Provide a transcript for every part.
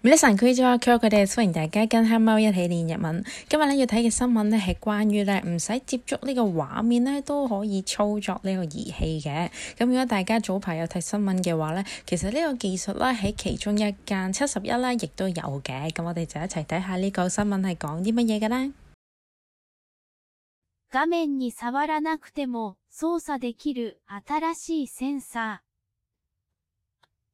每日神奇小曲，佢哋歡迎大家跟黑貓一起練日文。今日咧要睇嘅新聞咧係關於咧唔使接觸呢個畫面咧都可以操作呢個儀器嘅。咁如果大家早排有睇新聞嘅話咧，其實呢個技術咧喺其中一間七十一啦亦都有嘅。咁我哋就一齊睇下呢個新聞係講啲乜嘢㗎啦。畫面に觸らなくても操作できる新しいセンサー。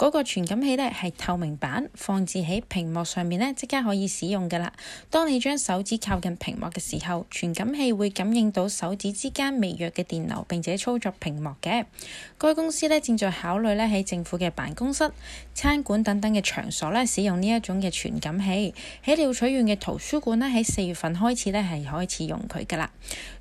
嗰個傳感器咧係透明板，放置喺屏幕上面咧，即刻可以使用噶啦。當你將手指靠近屏幕嘅時候，傳感器會感應到手指之間微弱嘅電流，並且操作屏幕嘅。該公司咧正在考慮咧喺政府嘅辦公室、餐館等等嘅場所咧使用呢一種嘅傳感器。喺鳥取縣嘅圖書館咧，喺四月份開始咧係開始用佢噶啦。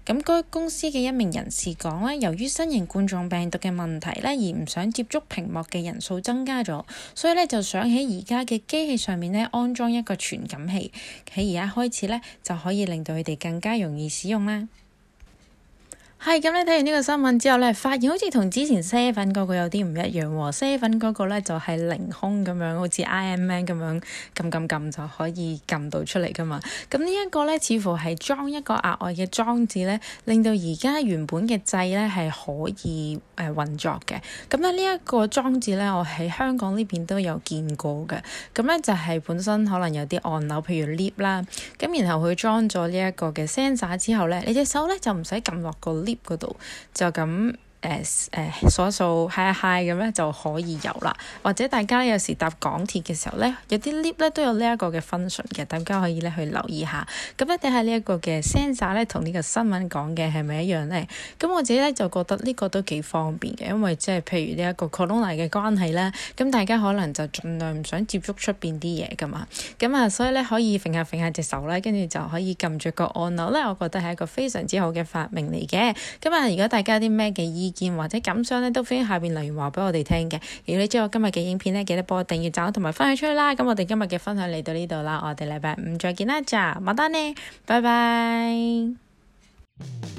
咁該公司嘅一名人士講咧，由於新型冠狀病毒嘅問題咧，而唔想接觸屏幕嘅人數增加咗，所以咧就想喺而家嘅機器上面咧安裝一個傳感器，喺而家開始咧就可以令到佢哋更加容易使用啦。係，咁你睇完呢個新聞之後咧，發現好似同之前啡粉嗰個有啲唔一樣喎、哦。啡粉嗰個咧就係、是、凌空咁樣，好似 IMM 咁樣撳撳撳就可以撳到出嚟噶嘛。咁呢一個咧似乎係裝一個額外嘅裝置咧，令到而家原本嘅掣咧係可以誒運、呃、作嘅。咁咧呢一、這個裝置咧，我喺香港呢邊都有見過嘅。咁咧就係、是、本身可能有啲按鈕，譬如 lift 啦，咁然後佢裝咗呢一個嘅 sensor 之後咧，你隻手咧就唔使撳落個。嗰度就咁。誒誒所掃嗨嗨，g h 咁咧就可以有啦，或者大家有時搭港鐵嘅時候咧，有啲 lift 咧都有呢一個嘅 function 嘅，大家可以咧去留意下。咁咧睇下呢一個嘅 sensor 咧同呢個新聞講嘅係咪一樣咧？咁我自己咧就覺得呢個都幾方便嘅，因為即係譬如呢一個 corona 嘅關係咧，咁大家可能就儘量唔想接觸出邊啲嘢噶嘛。咁啊，所以咧可以揈下揈下隻手咧，跟住就可以撳住個按鈕咧。我覺得係一個非常之好嘅發明嚟嘅。咁啊，如果大家有啲咩嘅意，意見或者感想呢，都歡迎下邊留言話俾我哋聽嘅。如果你知道今日嘅影片呢，記得幫我訂閱、讚同埋分享出去啦。咁我哋今日嘅分享嚟到呢度啦，我哋禮拜五，再見啦，再見，晚安呢，拜拜。